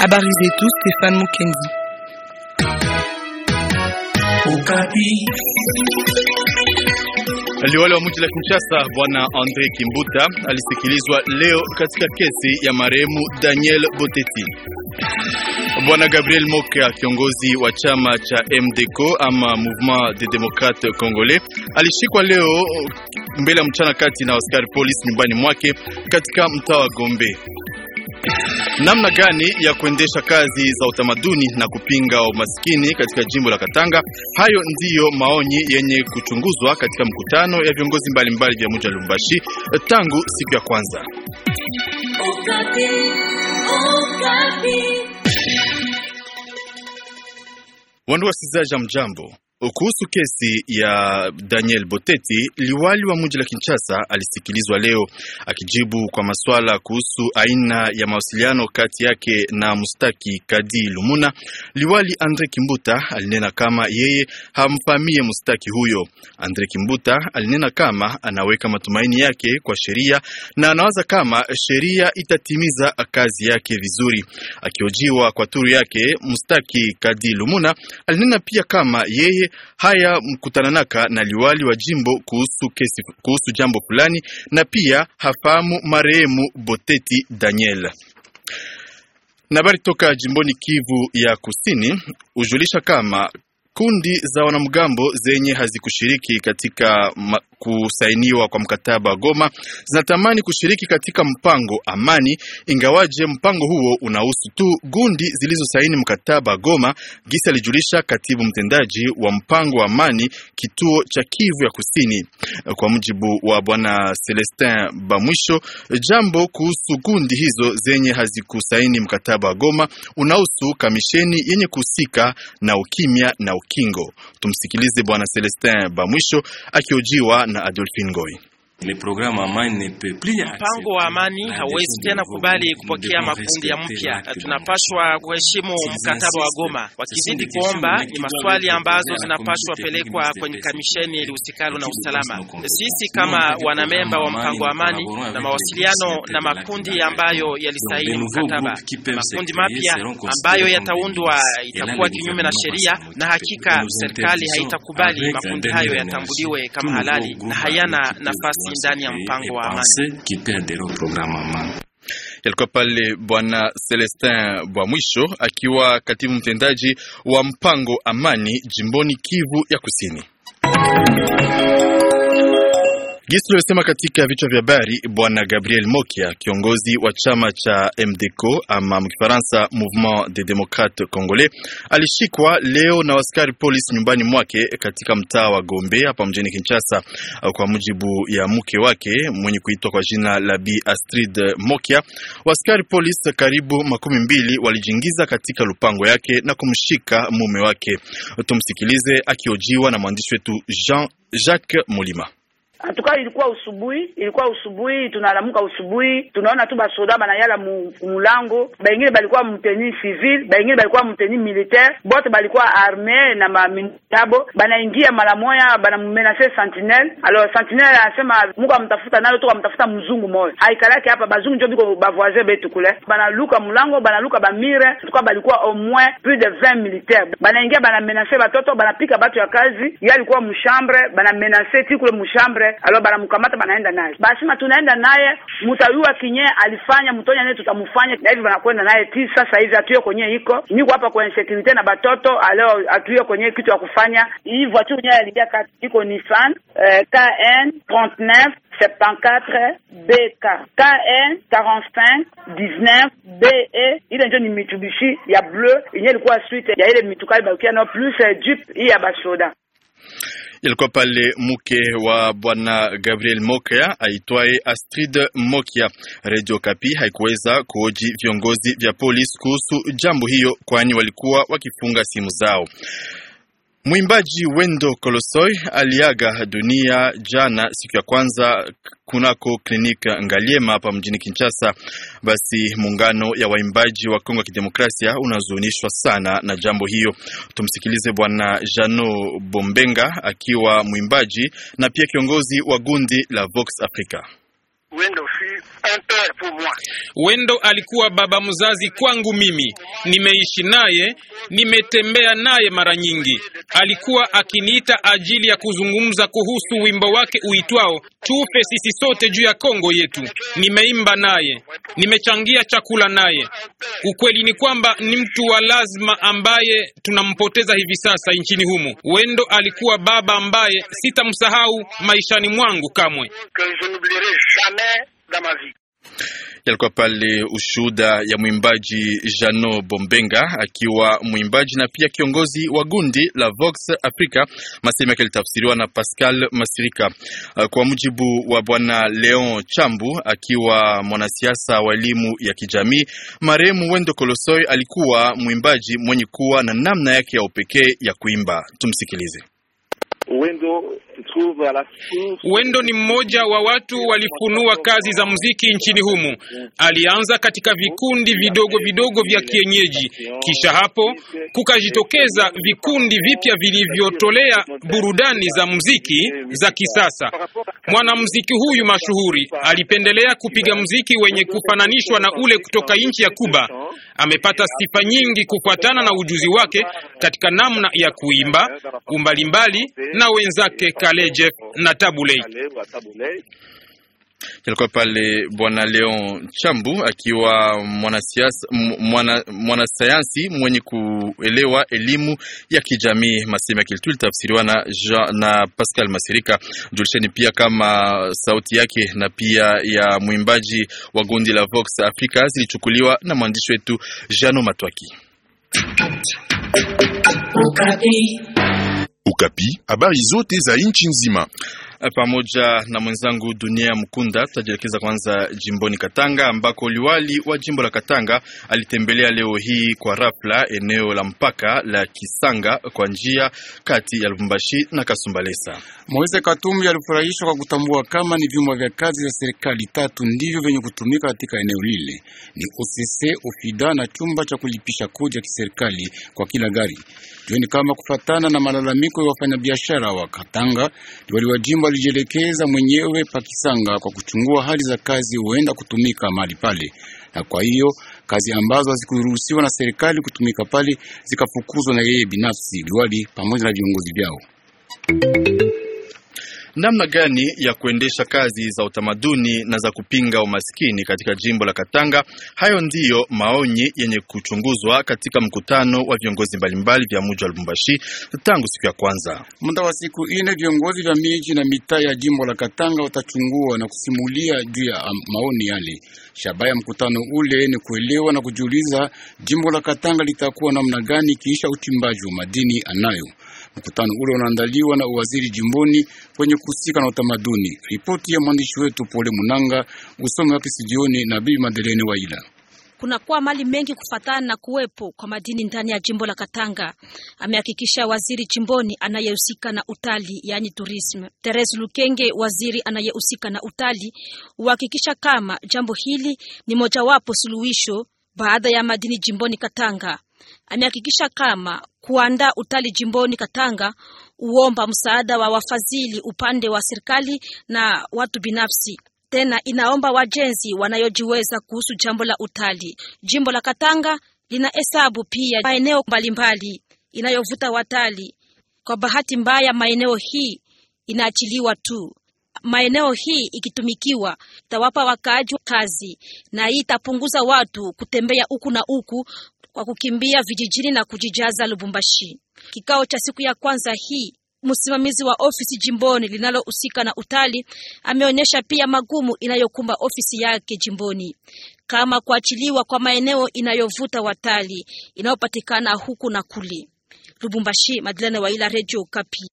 Habari zetu Stéphane Mukendi. Liwali wa mji la Kinshasa bwana Andre Kimbuta alisikilizwa leo katika kesi ya marehemu Daniel Boteti. Bwana Gabriel Moka, kiongozi wa chama cha MDC ama Mouvement de Democrates Congolais, alishikwa leo mbele ya mchana kati na askari polisi nyumbani mwake katika mtaa wa Gombe. Namna gani ya kuendesha kazi za utamaduni na kupinga umaskini katika jimbo la Katanga? Hayo ndiyo maoni yenye kuchunguzwa katika mkutano ya viongozi mbalimbali vya mji wa Lubumbashi tangu siku ya kwanza. Okapi, Okapi. Wandugu wasikilizaji, mjambo kuhusu kesi ya Daniel Boteti, liwali wa mji la Kinshasa alisikilizwa leo akijibu kwa maswala kuhusu aina ya mawasiliano kati yake na mustaki Kadi Lumuna. Liwali Andre Kimbuta alinena kama yeye hamfamie mustaki huyo. Andre Kimbuta alinena kama anaweka matumaini yake kwa sheria na anawaza kama sheria itatimiza kazi yake vizuri. Akiojiwa kwa turu yake, mustaki Kadi Lumuna alinena pia kama yeye haya mkutananaka na liwali wa jimbo kuhusu kesi, kuhusu jambo fulani, na pia hafahamu marehemu Boteti Daniel. Na habari toka jimboni Kivu ya Kusini hujulisha kama kundi za wanamgambo zenye hazikushiriki katika kusainiwa kwa mkataba wa Goma zinatamani kushiriki katika mpango amani, ingawaje mpango huo unahusu tu gundi zilizosaini mkataba wa Goma, gisa alijulisha katibu mtendaji wa mpango wa amani kituo cha Kivu ya Kusini. Kwa mujibu wa bwana Celestin Bamwisho, jambo kuhusu gundi hizo zenye hazikusaini mkataba wa Goma unahusu kamisheni yenye kuhusika na ukimya na ukimya. Kingo. Tumsikilize Bwana Celestin Bamwisho akiojiwa na Adolphine Ngoi. Mpango wa amani hawezi tena kubali kupokea makundi ya mpya. Tunapaswa kuheshimu mkataba wa Goma. Wakizidi kuomba, ni maswali ambazo zinapaswa pelekwa kwenye kamisheni lihusikalo na usalama. Sisi kama wanamemba wa mpango wa amani na mawasiliano na makundi ambayo yalisaini mkataba, makundi mapya ambayo yataundwa itakuwa kinyume na sheria, na hakika serikali haitakubali makundi hayo yatambuliwe kama halali na hayana nafasi kushiriki ndani ya mpango wa amani. Yalikuwa pale Bwana Celestin Bwa Mwisho akiwa katibu mtendaji wa mpango amani jimboni Kivu ya Kusini. Gisi tuliyosema katika vichwa vya habari, bwana Gabriel Mokia, kiongozi wa chama cha MDCO ama mkifaransa Mouvement des Democrates Congolais, alishikwa leo na askari polisi nyumbani mwake katika mtaa wa Gombe hapa mjini Kinshasa, kwa mujibu ya mke wake mwenye kuitwa kwa jina la Bi Astrid Mokia. Askari polisi karibu makumi mbili walijingiza katika lupango yake na kumshika mume wake. Tumsikilize akiojiwa na mwandishi wetu Jean Jacques molima hatukai, ilikuwa usubuhi, ilikuwa usubuhi, tunalamuka usubuhi, tunaona tu basoda banayala mu mulango, baingine balikuwa muteni civil, baingine balikuwa mteni militaire, bote balikuwa arme na maminitabo, banaingia mara moya, banamumenase sentinel. Alors sentinel anasema muko amtafuta nalo toka mtafuta mzungu moyo, haikalaki hapa bazungu njo biko bavoisin betu kule, banaluka mulango, banaluka bamire, tuka balikuwa au moins plus de 20 militaire, banaingia banamenase batoto, banapika batu ya kazi, yalikuwa mshambre, banamenase tikule mshambre alo banamkamata banaenda naye, basema tunaenda naye mutayua kinye alifanya mutonya naye tutamufanya na hivi banakwenda naye ti sasa hivi atuye kwenye iko niko hapa kwa security na batoto alo atuye kwenye kitu ya kufanya hii voiture yenyewe aliingia kati iko Nissan eh, KN 39 74 BK KN 45 19 BE, ile njo ni mitubishi ya bleu inye likuwa suite ya ile mituka ibarukia no plus eh, jeep hii ya basoda Ilikuwa pale mke wa bwana Gabriel Mokia aitwaye Astrid Mokia. Radio Kapi haikuweza kuoji viongozi vya polisi kuhusu jambo hiyo, kwani walikuwa wakifunga simu zao. Mwimbaji Wendo Kolosoi aliaga dunia jana siku ya kwanza kunako klinika Ngaliema hapa mjini Kinshasa. Basi muungano ya waimbaji wa Kongo ya Kidemokrasia unazunishwa sana na jambo hiyo. Tumsikilize bwana Jano Bombenga akiwa mwimbaji na pia kiongozi wa gundi la Vox Africa. Wendo Wendo alikuwa baba mzazi kwangu mimi. Nimeishi naye, nimetembea naye mara nyingi. Alikuwa akiniita ajili ya kuzungumza kuhusu wimbo wake uitwao tufe sisi sote juu ya Kongo yetu. Nimeimba naye, nimechangia chakula naye. Ukweli ni kwamba ni mtu wa lazima ambaye tunampoteza hivi sasa nchini humo. Wendo alikuwa baba ambaye sitamsahau maishani mwangu kamwe la yalikuwa pale ushuhuda ya mwimbaji Jano Bombenga akiwa mwimbaji na pia kiongozi wa gundi la Vox Africa, masehemu yake alitafsiriwa na Pascal Masirika. Uh, kwa mujibu wa bwana Leon Chambu, akiwa mwanasiasa wa elimu ya kijamii, marehemu Wendo Kolosoi alikuwa mwimbaji mwenye kuwa na namna yake ya upekee ya kuimba. Tumsikilize. Wendo ni mmoja wa watu walifunua kazi za muziki nchini humu. Alianza katika vikundi vidogo vidogo vya kienyeji, kisha hapo kukajitokeza vikundi vipya vilivyotolea burudani za muziki za kisasa. Mwanamuziki huyu mashuhuri alipendelea kupiga muziki wenye kufananishwa na ule kutoka nchi ya Kuba amepata sifa nyingi kufuatana na ujuzi wake katika namna ya kuimba umbalimbali na wenzake Kaleje na Tabulei. Kilikuwa pale bwana Leon Chambu akiwa mwanasayansi mwana, mwana mwenye kuelewa elimu ya kijamii maseme Kiltu, tulitafsiriwa na, na Pascal Masirika. Julisheni pia kama sauti yake na pia ya mwimbaji wa gundi la Vox Africa zilichukuliwa na mwandishi wetu Jano Matwaki. Ukapi, habari zote za nchi nzima pamoja na mwenzangu Dunia Mkunda. Tutajielekeza kwanza jimboni Katanga ambako liwali wa jimbo la Katanga alitembelea leo hii kwa rafla eneo la mpaka la Kisanga kwa njia kati ya Lubumbashi na Kasumbalesa. Moise Katumbi alifurahishwa kwa kutambua kama ni vyumba vya kazi vya serikali tatu ndivyo vyenye kutumika katika eneo lile, ni OCC, OFIDA na chumba cha kulipisha kodi ya kiserikali kwa kila gari. Jioni kama kufatana na malalamiko ya wafanyabiashara wa Katanga, liwali wa jimbo alijielekeza mwenyewe Pakisanga kwa kuchungua hali za kazi huenda kutumika mahali pale, na kwa hiyo kazi ambazo hazikuruhusiwa na serikali kutumika pale zikafukuzwa na yeye binafsi liwali pamoja na viongozi vyao namna gani ya kuendesha kazi za utamaduni na za kupinga umaskini katika jimbo la Katanga. Hayo ndiyo maoni yenye kuchunguzwa katika mkutano wa viongozi mbalimbali vya mji wa Lubumbashi tangu siku ya kwanza. Muda wa siku ine, viongozi vya miji na mitaa ya jimbo la Katanga watachungua na kusimulia juu ya um, maoni yale. Shabaha ya mkutano ule ni kuelewa na kujiuliza jimbo la Katanga litakuwa namna gani kisha uchimbaji wa madini anayo Mkutano ule unaandaliwa na uwaziri jimboni kwenye kuhusika na utamaduni. Ripoti ya mwandishi wetu Pole Munanga usome wake studioni na Bibi Madelene Waila. Kuna kuwa mali mengi kufatana na kuwepo kwa madini ndani ya jimbo la Katanga, amehakikisha waziri jimboni anayehusika na utali yani tourism. Therese Lukenge, waziri anayehusika na utali uhakikisha kama jambo hili ni mojawapo suluhisho baada ya madini jimboni Katanga. Amehakikisha kama kuandaa utali jimboni Katanga uomba msaada wa wafadhili upande wa serikali na watu binafsi. Tena inaomba wajenzi wanayojiweza kuhusu jambo la utali. Jimbo la Katanga lina hesabu pia maeneo mbalimbali inayovuta watali. Kwa bahati mbaya, maeneo hii inaachiliwa tu. Maeneo hii ikitumikiwa itawapa wakaaji kazi na hii itapunguza watu kutembea huku na huku kwa kukimbia vijijini na kujijaza Lubumbashi. Kikao cha siku ya kwanza hii msimamizi wa ofisi jimboni linalohusika na utali ameonyesha pia magumu inayokumba ofisi yake jimboni, kama kuachiliwa kwa maeneo inayovuta watali inayopatikana huku na kule. Lubumbashi, Madlene Waila, Radio Kapi.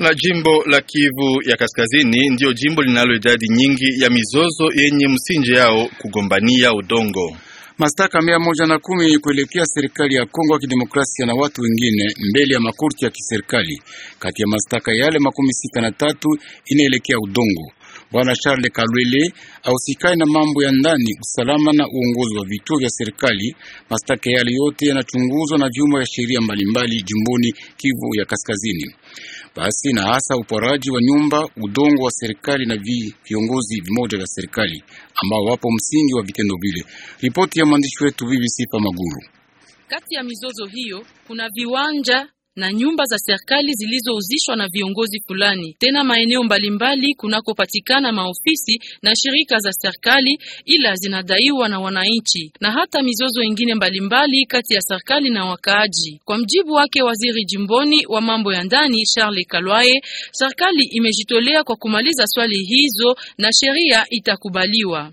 Na jimbo la Kivu ya Kaskazini ndiyo jimbo linalo idadi nyingi ya mizozo yenye msingi yao kugombania udongo. Mashtaka mia moja na kumi yenye kuelekea serikali ya Kongo ya Kidemokrasia na watu wengine mbele ya makurti ya kiserikali. Kati ya mashtaka yale makumi sita na tatu inaelekea udongo Bwana Charles Kalwele ahusikani na mambo ya ndani, usalama na uongozi wa vituo vya serikali. Mastaka yale yote yanachunguzwa na vyuma vya sheria mbalimbali jimboni Kivu ya Kaskazini, basi na hasa uporaji wa nyumba, udongo wa serikali na viongozi vimoja vya serikali ambao wapo msingi wa vitendo vile. Ripoti ya mwandishi wetu BBC maguru Kati ya mizozo hiyo kuna viwanja na nyumba za serikali zilizouzishwa na viongozi fulani, tena maeneo mbalimbali kunakopatikana maofisi na shirika za serikali, ila zinadaiwa na wananchi, na hata mizozo ingine mbalimbali kati ya serikali na wakaaji. Kwa mjibu wake waziri jimboni wa mambo ya ndani Charles Kalwaye, serikali imejitolea kwa kumaliza swali hizo na sheria itakubaliwa.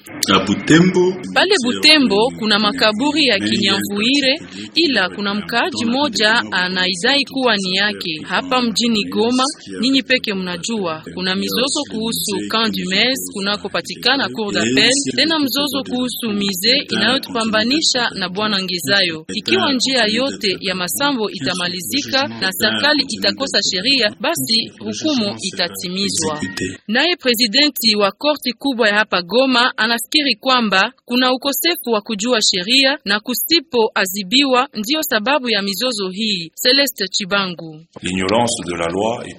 Butembo, pale Butembo kuna makaburi ya Kinyamvuire, ila kuna mkaaji moja anaizai ilikuwa ni yake. Hapa mjini Goma, ninyi peke mnajua kuna mizozo kuhusu Camp du Mes kunakopatikana Cour d'Appel, tena mzozo kuhusu mize inayotupambanisha na bwana ngizayo Ikiwa njia yote ya masambo itamalizika na serikali itakosa sheria, basi hukumu itatimizwa. Naye presidenti wa korti kubwa ya hapa Goma anafikiri kwamba kuna ukosefu wa kujua sheria na kusipo azibiwa, ndiyo sababu ya mizozo hii. Celeste Kibangu.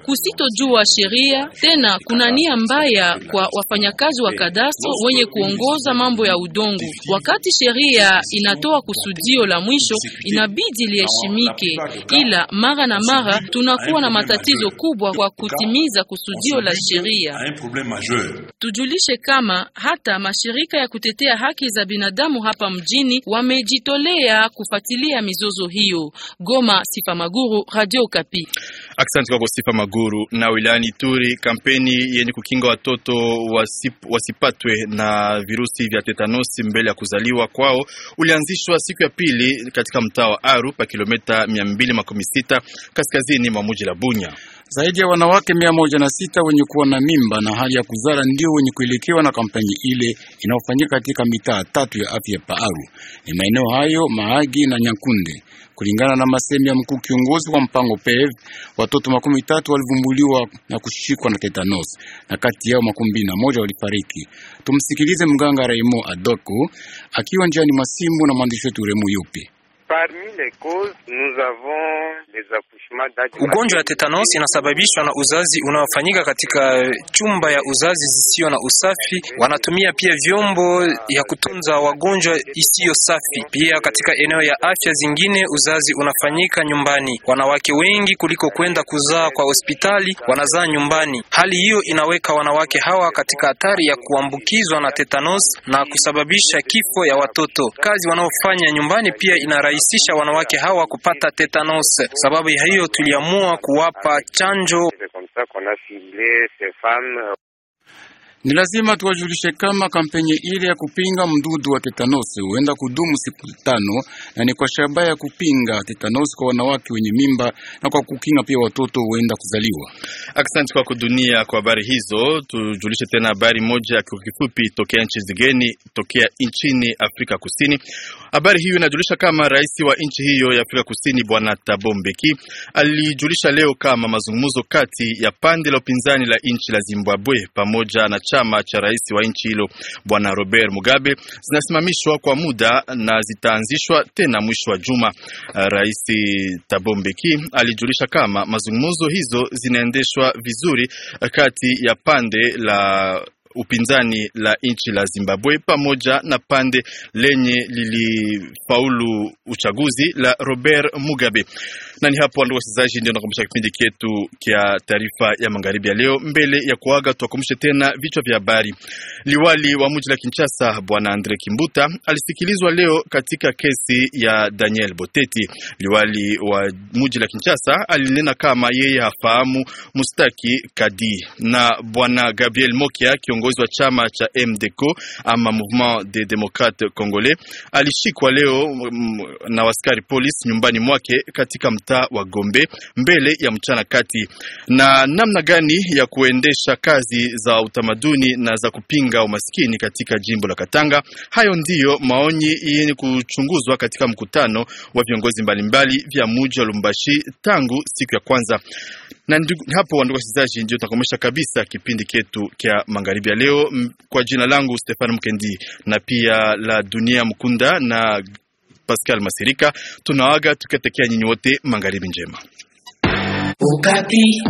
Kusitojua sheria tena kuna nia mbaya kwa wafanyakazi wa kadastro wenye kuongoza mambo ya udongo. Wakati sheria inatoa kusudio la mwisho, inabidi liheshimike, ila mara na mara tunakuwa na matatizo kubwa kwa kutimiza kusudio la sheria. Tujulishe kama hata mashirika ya kutetea haki za binadamu hapa mjini wamejitolea kufuatilia mizozo hiyo. Goma, Sifa Maguru, Radio Kapi. Asante kwako Sifa Maguru. Na wilayani turi kampeni yenye kukinga watoto wasip, wasipatwe na virusi vya tetanosi mbele ya kuzaliwa kwao ulianzishwa siku ya pili katika mtaa wa Aru pa kilomita 216 kaskazini mwa mji la Bunya. Zaidi ya wanawake mia moja na sita wenye kuwa na mimba na hali ya kuzara ndio wenye kuelekewa na kampeni ile inayofanyika katika mitaa tatu ya afya ya Paaru. Ni maeneo hayo Mahagi na Nyankunde. Kulingana na masemi ya mkuu kiongozi wa mpango PEV, watoto makumi tatu walivumbuliwa na kushikwa na tetanos na kati yao makumi na moja walifariki. Tumsikilize mganga Raimo Adoko akiwa njiani mwa simu na mwandishi wetu Remu Yupi. Parmi les causes, nous avons les accouchements Ugonjwa wa tetanus inasababishwa na uzazi unaofanyika katika eh, chumba ya uzazi zisiyo na usafi. Wanatumia pia vyombo ya kutunza wagonjwa isiyo safi. Pia katika eneo ya afya zingine, uzazi unafanyika nyumbani. Wanawake wengi kuliko kwenda kuzaa kwa hospitali, wanazaa nyumbani. Hali hiyo inaweka wanawake hawa katika hatari ya kuambukizwa na tetanus na kusababisha kifo ya watoto. Kazi wanaofanya nyumbani pia ina kurahisisha wanawake hawa kupata tetanus. Sababu hiyo tuliamua kuwapa chanjo. Ni lazima tuwajulishe kama kampeni ile ya kupinga mdudu wa tetanosi huenda kudumu siku tano, na ni kwa shabaha ya kupinga tetanosi kwa wanawake wenye mimba na kwa kukinga pia watoto huenda kuzaliwa. Aksanti kwa kudunia kwa habari hizo. Tujulishe tena habari moja kwa kifupi tokea nchi zigeni, tokea nchini Afrika Kusini. Habari hiyo inajulisha kama rais wa nchi hiyo ya Afrika Kusini Bwana Thabo Mbeki alijulisha leo kama mazungumzo kati ya pande la upinzani la nchi la Zimbabwe pamoja na chama cha rais wa nchi hilo bwana Robert Mugabe zinasimamishwa kwa muda na zitaanzishwa tena mwisho wa juma. Rais Thabo Mbeki alijulisha kama mazungumzo hizo zinaendeshwa vizuri kati ya pande la upinzani la nchi la Zimbabwe pamoja na pande lenye lilifaulu uchaguzi la Robert Mugabe. Na ni hapo ndugu wasikilizaji, ndio nakumbusha kipindi chetu kya taarifa ya magharibi ya leo. Mbele ya kuaga, tuwakumbushe tena vichwa vya habari. Liwali wa mji la Kinshasa bwana Andre Kimbuta alisikilizwa leo katika kesi ya Daniel Boteti. Liwali wa mji la Kinshasa alinena kama yeye hafahamu mustaki kadi na bwana Gabriel Mokia kiongozi wa chama cha MDCO ama Mouvement des Democrates Congolais, alishikwa leo mm, na waskari polisi nyumbani mwake katika mtaa wa Gombe mbele ya mchana kati. Na namna gani ya kuendesha kazi za utamaduni na za kupinga umaskini katika jimbo la Katanga, hayo ndiyo maoni yenye kuchunguzwa katika mkutano wa viongozi mbalimbali vya muji wa Lubumbashi tangu siku ya kwanza. Na hapo ndugu wasikilizaji, ndio tunakomesha kabisa kipindi chetu kya magharibi ya leo. Kwa jina langu Stefan Mkendi na pia la Dunia Mkunda na Pascal Masirika, tunawaga tuketekea nyinyi wote magharibi njema. Ukati.